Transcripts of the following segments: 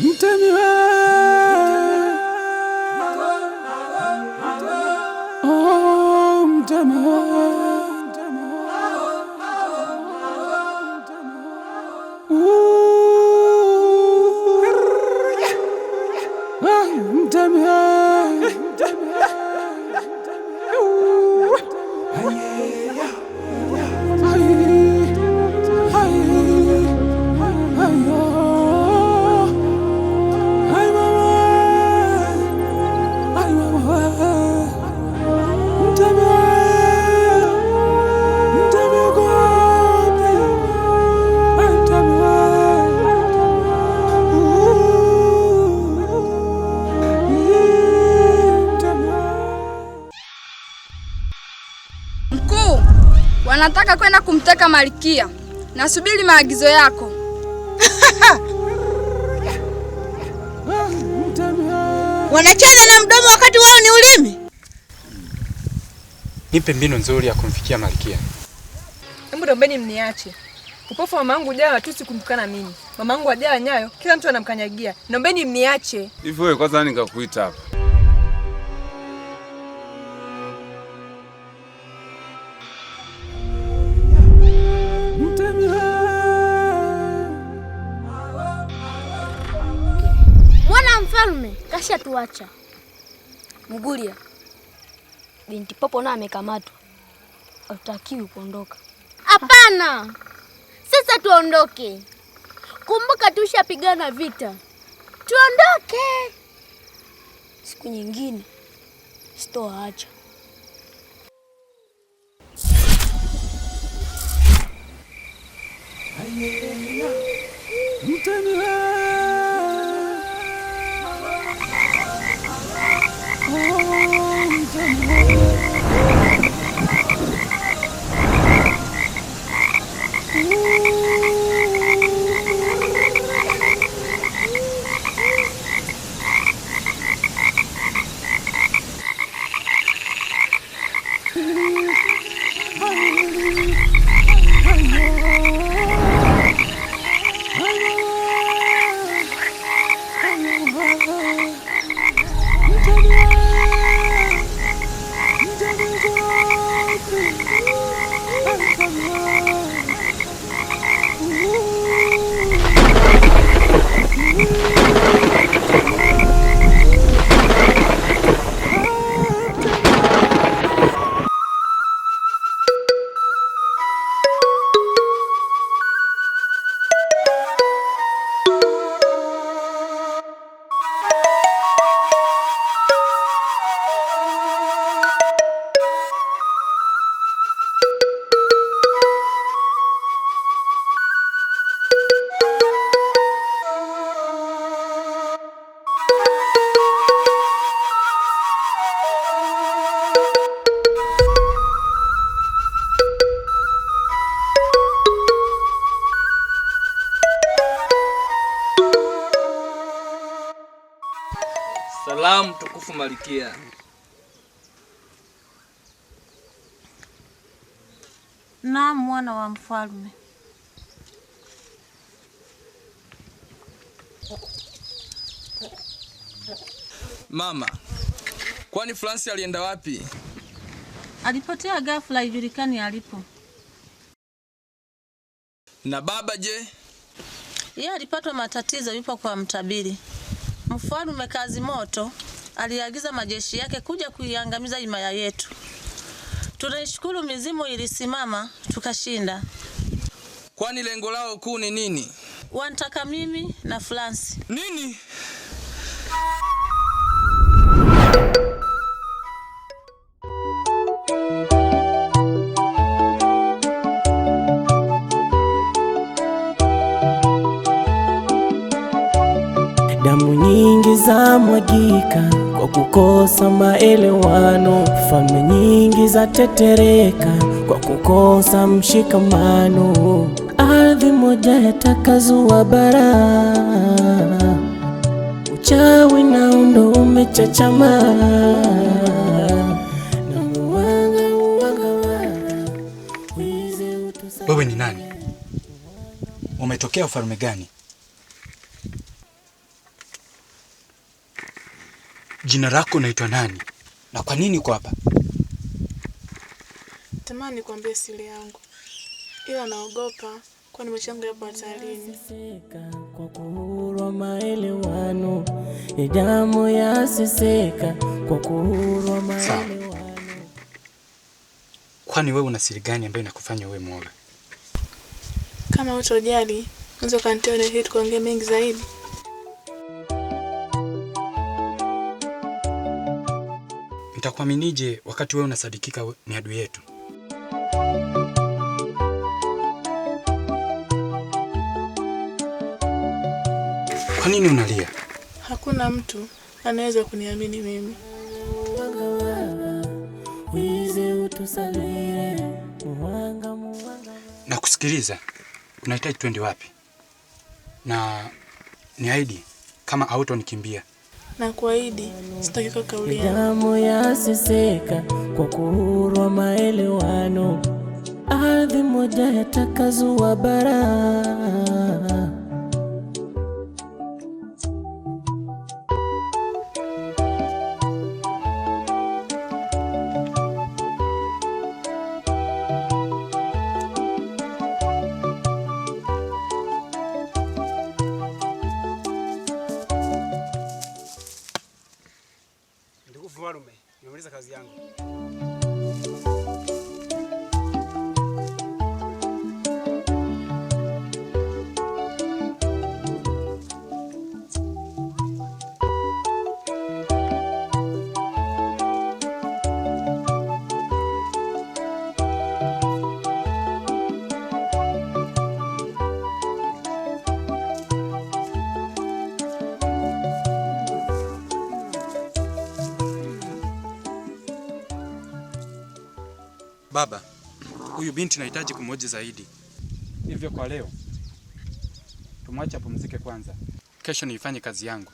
Internet wanataka kwenda kumteka Malkia. Nasubiri maagizo yako. wanacheza na mdomo wakati wao ni ulimi. Nipe mbinu nzuri ya kumfikia Malkia. Hebu naombeni mniache. Upofu wa mamangu ujao hatusi kumtukana mimi. Mamangu ajao nyayo kila mtu anamkanyagia. Naombeni mniache. Hivi wewe kwanza nikakuita hapa. tuacha Mugulia. Binti Popo naye amekamatwa, hatutakiwi kuondoka. Hapana, sasa tuondoke. Kumbuka tushapigana vita, tuondoke. Siku nyingine sitowaacha. kusikia. Na mwana wa mfalme. Mama, kwani Fransi alienda wapi? Alipotea ghafla, ijulikani alipo. Na baba je? Yeye alipatwa matatizo, yupo kwa mtabiri. Mfalme kazi moto aliagiza majeshi yake kuja kuiangamiza himaya yetu. Tunaishukuru mizimu ilisimama, tukashinda. Kwani lengo lao kuu ni nini? Wanataka mimi na Fransi nini? Damu nyingi za mwagika kwa kukosa maelewano, falme nyingi zatetereka kwa kukosa mshikamano. Ardhi moja yatakazua bara, uchawi na undo umechachama Wewe ni nani? Umetokea ufalme gani? Jina lako naitwa nani na kwa nini uko hapa? Tamani kuambia siri yangu, ila naogopa kwa nimeshangu yapo hatarini. Kwa kuhuru maelewano ni damu siseka kwa kuhurwa maelewano. Kwani wewe una siri gani ambayo inakufanya wewe mwoga? Kama utojali unaweza kanitoa na kuongea mengi zaidi. tutakuaminije wakati wewe unasadikika ni adui yetu? Kwa nini unalia? Hakuna mtu anaweza kuniamini mimi. Na kusikiliza, unahitaji twende wapi? Na ni aidi kama auto nikimbia na kuahidi sitaki kauli yangu. Yasiseka kwa kuhurwa maelewano, ardhi moja yatakazua bara huyu binti nahitaji kumhoji zaidi. Hivyo kwa leo tumwache apumzike kwanza, kesho niifanye kazi yangu.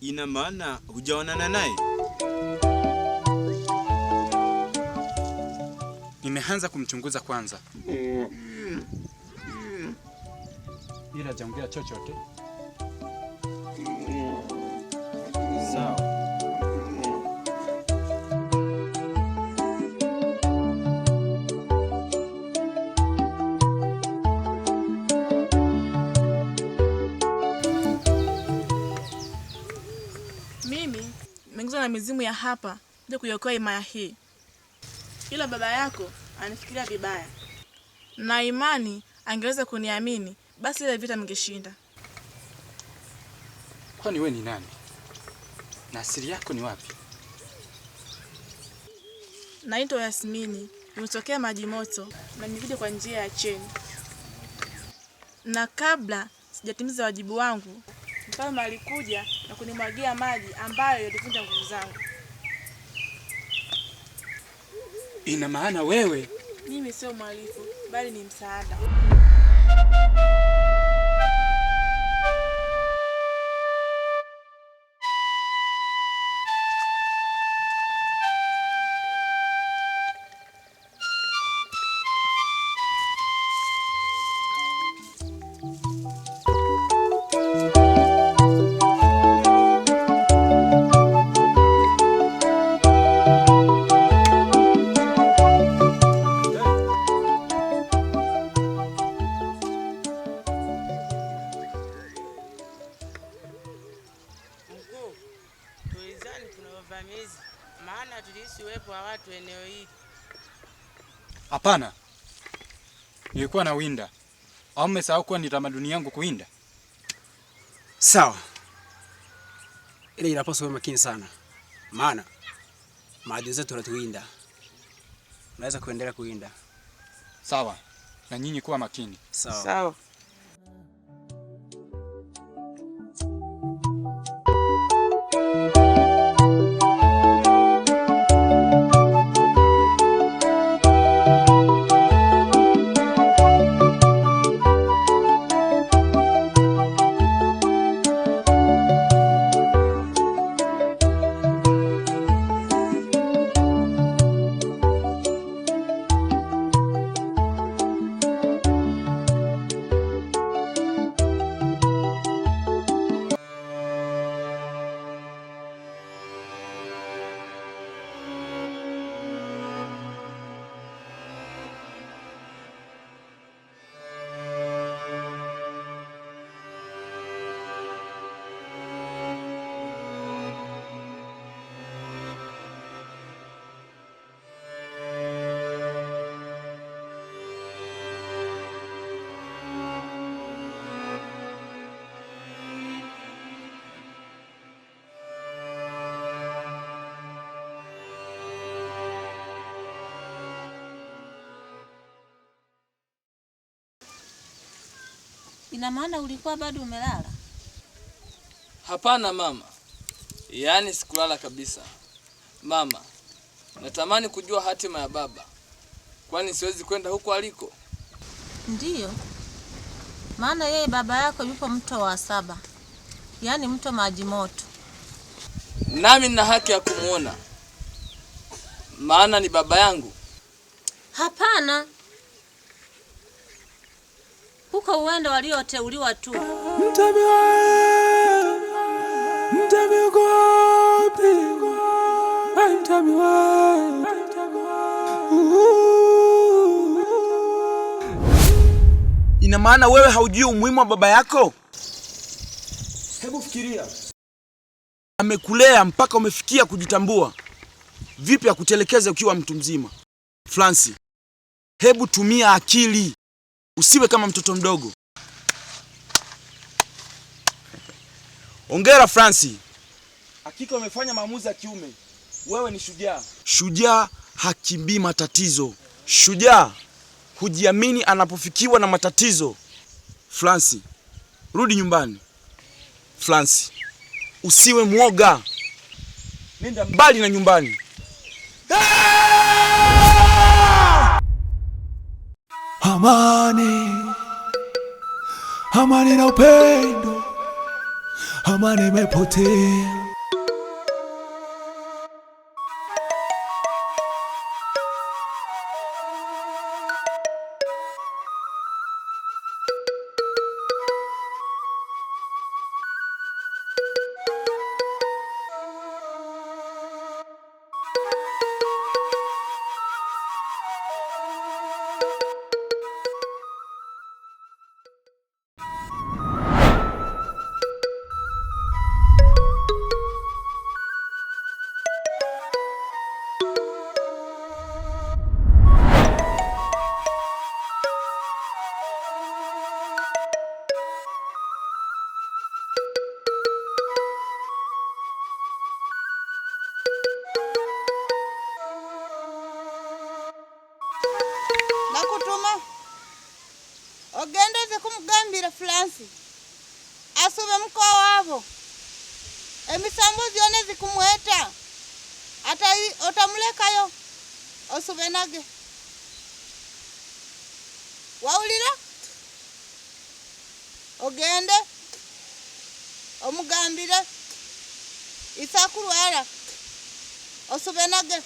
Ina maana hujaonana naye? Nimeanza kumchunguza kwanza, ila hajaongea chochote. Sawa. na mizimu ya hapa ndio kuiokoa imaya hii, ila baba yako anifikiria vibaya, na imani angeweza kuniamini, basi ile vita mngeshinda. Kwani wewe ni nani na asili yako ni wapi? Naitwa Yasmini, nimetokea maji moto na nimekuja kwa njia ya cheni, na kabla sijatimiza wajibu wangu Mfalme alikuja na kunimwagia maji ambayo yalivunja nguvu zangu. Ina maana wewe? Mimi sio mhalifu, bali ni msaada. wasimamizi, maana tulihisi uwepo wa watu eneo hili. Hapana, nilikuwa na winda au mmesahau kuwa ni tamaduni yangu kuwinda? Sawa, ile inapaswa kuwa makini sana, maana maadui zetu wanatuwinda. Unaweza kuendelea kuwinda. Sawa, na nyinyi kuwa makini. Sawa. Sawa. Ina maana ulikuwa bado umelala? Hapana mama, yaani sikulala kabisa. Mama, natamani kujua hatima ya baba, kwani siwezi kwenda huko aliko? Ndiyo maana yeye baba yako yupo mto wa saba, yaani mto maji moto, nami nina haki ya kumwona, maana ni baba yangu. Hapana huko uwendo walioteuliwa tu. Ina maana wewe haujui umuhimu wa baba yako? Hebu fikiria, amekulea mpaka umefikia kujitambua. Vipi akutelekeze ukiwa mtu mzima? Francis, hebu tumia akili. Usiwe kama mtoto mdogo. Ongera Fransi, hakika umefanya maamuzi ya kiume. Wewe ni shujaa. Shujaa hakimbii matatizo. Shujaa hujiamini anapofikiwa na matatizo. Fransi, rudi nyumbani. Fransi, usiwe mwoga, nenda mbali na nyumbani. Amani, amani na upendo, amani imepotea. maze kumugambira Francis asube mko wabo emisambo zione zikumweta ata otamulekayo osube nage wawulira ogende omugambire isakulwala osube nage